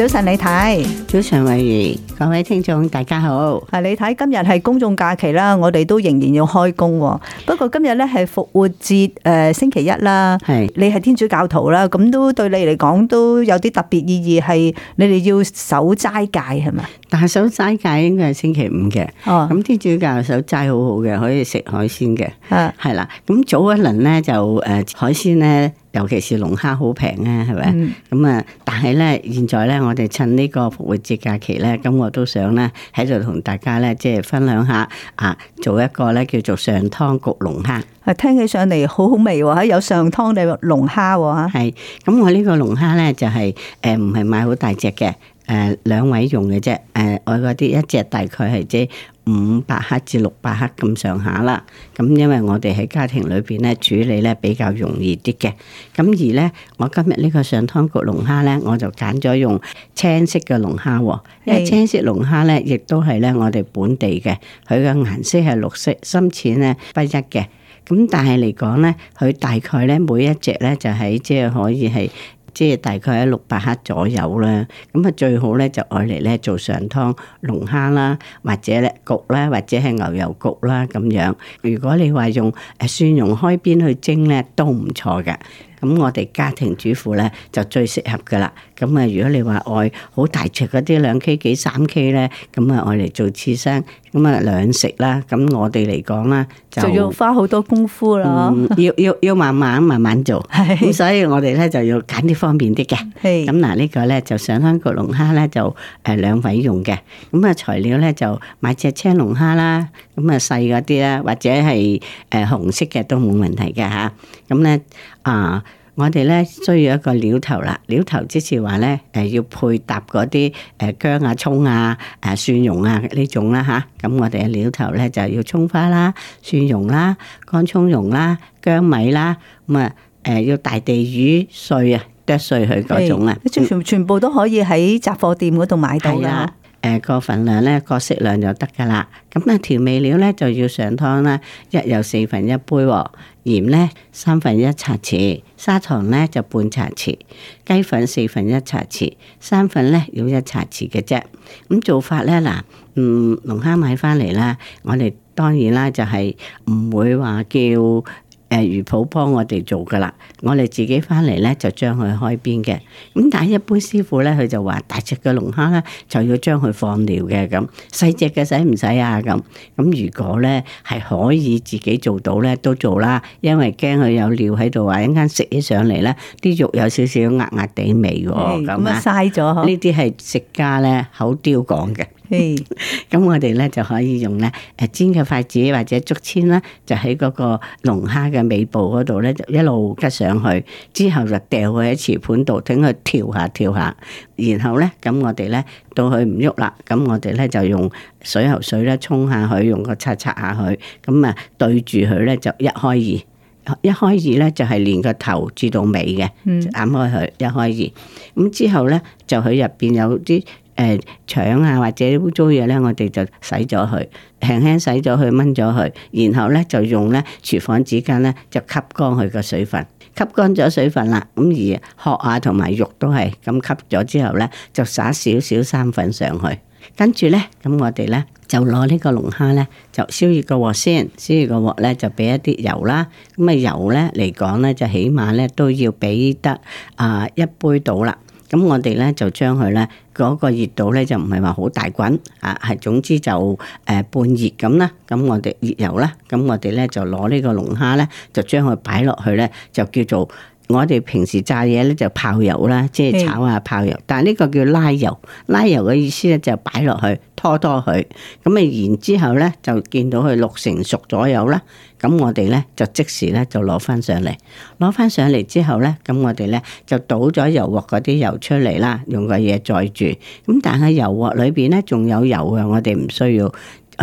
早晨，你睇，早晨惠如，各位聽眾大家好。係你睇，今日係公眾假期啦，我哋都仍然要開工。不過今日咧，係復活節誒、呃、星期一啦。係是你係天主教徒啦，咁都對你嚟講都有啲特別意義，係你哋要守齋戒係咪？但係守齋戒應該係星期五嘅。哦，咁天主教守齋好好嘅，可以食海鮮嘅。啊，係啦，咁早一輪咧就誒、呃、海鮮咧。尤其是龍蝦好平啊，係咪？咁啊、嗯，但係咧，現在咧，我哋趁呢個復活節假期咧，咁我都想咧喺度同大家咧，即係分享下啊，做一個咧叫做上湯焗龍蝦。啊，聽起上嚟好好味喎，有上湯嘅龍蝦吓。係，咁我呢個龍蝦咧就係誒，唔係買好大隻嘅。誒、呃、兩位用嘅啫，誒、呃、我嗰啲一隻大概係即五百克至六百克咁上下啦。咁、嗯、因為我哋喺家庭裏邊咧處理咧比較容易啲嘅。咁、嗯、而咧，我今日呢個上湯焗龍蝦咧，我就揀咗用青色嘅龍蝦喎。的因為青色龍蝦咧，亦都係咧我哋本地嘅，佢嘅顏色係綠色，深淺咧不一嘅。咁、嗯、但係嚟講咧，佢大概咧每一隻咧就係即係可以係。即係大概喺六百克左右啦，咁啊最好咧就愛嚟咧做上湯龍蝦啦，或者焗啦，或者係牛油焗啦咁樣。如果你話用誒蒜蓉開邊去蒸咧，都唔錯嘅。咁我哋家庭主婦咧就最適合㗎喇。咁啊，如果你話愛好大隻嗰啲兩 K 幾三 K 咧，咁啊愛嚟做刺身，咁啊兩食啦。咁我哋嚟講啦，就要花好多功夫啦。嗯，要要要慢慢慢慢做。咁， 所以我哋咧就要揀啲方便啲嘅。咁嗱 是，個呢個咧就上香焗龍蝦咧就誒兩位用嘅。咁啊材料咧就買隻青龍蝦啦，咁啊細嗰啲啦，或者係誒紅色嘅都冇問題嘅吓。咁咧啊。我哋咧需要一個料頭啦，料頭之前話咧，誒要配搭嗰啲誒薑啊、蔥啊、誒蒜蓉啊呢種啦吓，咁我哋嘅料頭咧就要蔥花啦、蒜蓉啦、乾蔥蓉啦、薑米啦，咁啊誒要大地魚碎啊剁碎佢嗰種啊，全全部都可以喺雜貨店嗰度買到啦。誒個份量咧，個適量，量就得㗎啦。咁咧調味料咧就要上湯啦，一有四分一杯喎。鹽咧三分一茶匙，砂糖咧就半茶匙，雞粉四分一茶匙，生粉咧要一茶匙嘅啫。咁做法咧嗱，嗯，龍蝦買翻嚟啦，我哋當然啦就係、是、唔會話叫。誒魚脯幫我哋做㗎啦，我哋自己翻嚟咧就將佢開邊嘅。咁但係一般師傅咧，佢就話大隻嘅龍蝦咧就要將佢放尿嘅，咁，細隻嘅使唔使啊咁？咁如果咧係可以自己做到咧都做啦，因為驚佢有尿喺度啊，一陣間食起上嚟咧啲肉有少少壓壓地味喎，咁啊嘥咗。呢啲係食家咧口刁講嘅。咁 Hey. 我哋咧就可以用咧誒尖嘅筷子或者竹籤啦，就喺嗰個龍蝦嘅尾部嗰度咧，就一路拮上去，之後就掉佢喺瓷盤度，等佢跳下跳下，然後咧，咁我哋咧到佢唔喐啦，咁我哋咧就用水喉水咧沖下去，用個刷刷下去，咁啊對住佢咧就一開二，一開二咧就係連個頭至到尾嘅，啱、hmm. 開佢一開二，咁之後咧就佢入邊有啲。誒腸啊，或者污糟嘢咧，我哋就洗咗佢，輕輕洗咗佢，燜咗佢，然後咧就用咧廚房紙巾咧就吸乾佢個水分，吸乾咗水分啦，咁而殼啊同埋肉都係咁吸咗之後咧，就撒少少生粉上去，跟住咧咁我哋咧就攞呢個龍蝦咧就燒熱個鑊先，燒熱個鑊咧就俾一啲油啦，咁啊油咧嚟講咧就起碼咧都要俾得啊一杯到啦。咁我哋咧就將佢咧嗰個熱度咧就唔係話好大滾啊，係總之就誒、呃、半熱咁啦。咁我哋熱油啦，咁我哋咧就攞呢個龍蝦咧，就將佢擺落去咧，就叫做。我哋平時炸嘢咧就泡油啦，即係炒下泡油。是但係呢個叫拉油，拉油嘅意思咧就擺落去拖拖佢。咁啊，然之後咧就見到佢六成熟左右啦。咁我哋咧就即時咧就攞翻上嚟，攞翻上嚟之後咧，咁我哋咧就倒咗油鑊嗰啲油出嚟啦，用個嘢載住。咁但係油鑊裏邊咧仲有油啊，我哋唔需要，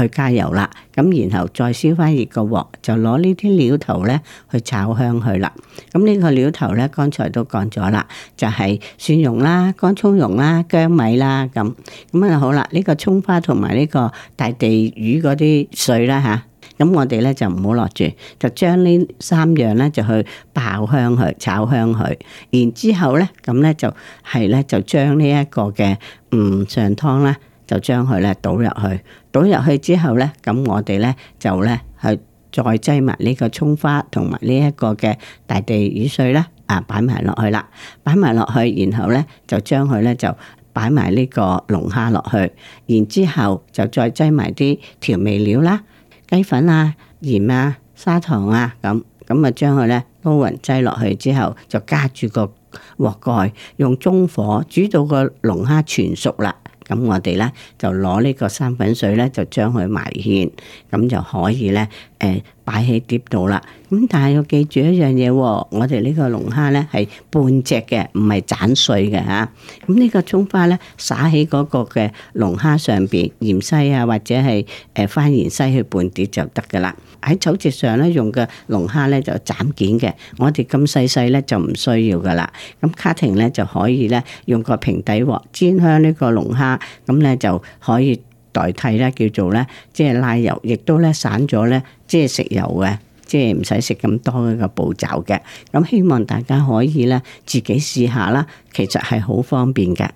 去加油啦，咁然後再燒翻熱個鑊，就攞呢啲料頭咧去炒香佢啦。咁呢個料頭咧，剛才都講咗啦，就係蒜蓉啦、乾葱蓉啦、薑米啦，咁咁啊好啦，呢個葱花同埋呢個大地魚嗰啲碎啦吓，咁我哋咧就唔好落住，就將呢三樣咧就去爆香佢，炒香佢，然之後咧咁咧就係咧就將呢一個嘅唔上湯啦。就將佢咧倒入去，倒入去之後咧，咁我哋咧就咧係再擠埋呢個葱花，同埋呢一個嘅大地魚碎啦，啊擺埋落去啦，擺埋落去，然後咧就將佢咧就擺埋呢個龍蝦落去，然之後就再擠埋啲調味料啦，雞粉啊、鹽啊、砂糖啊，咁咁啊將佢咧攪勻擠落去之後，就加住個鍋蓋，用中火煮到個龍蝦全熟啦。咁我哋咧就攞呢個生粉水咧，就將佢埋芡，咁就可以咧，誒、呃。擺喺碟度啦，咁但係要記住一樣嘢，我哋呢個龍蝦咧係半隻嘅，唔係斬碎嘅吓。咁、這、呢個葱花咧撒喺嗰個嘅龍蝦上邊，鹽西啊或者係誒番鹽西去半碟就得噶啦。喺草席上咧用嘅龍蝦咧就斬件嘅，我哋咁細細咧就唔需要噶啦。咁卡 u t 咧就可以咧用個平底鍋煎香呢個龍蝦，咁咧就可以。代替咧叫做咧，即係拉油，亦都咧，省咗咧，即係食油嘅，即係唔使食咁多嘅步驟嘅。咁希望大家可以咧自己試下啦，其實係好方便嘅。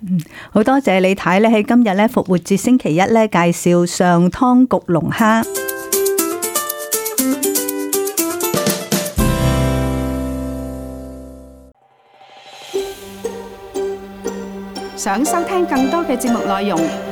好多謝李太咧喺今日咧復活節星期一咧介紹上湯焗龍蝦。想收聽更多嘅節目內容。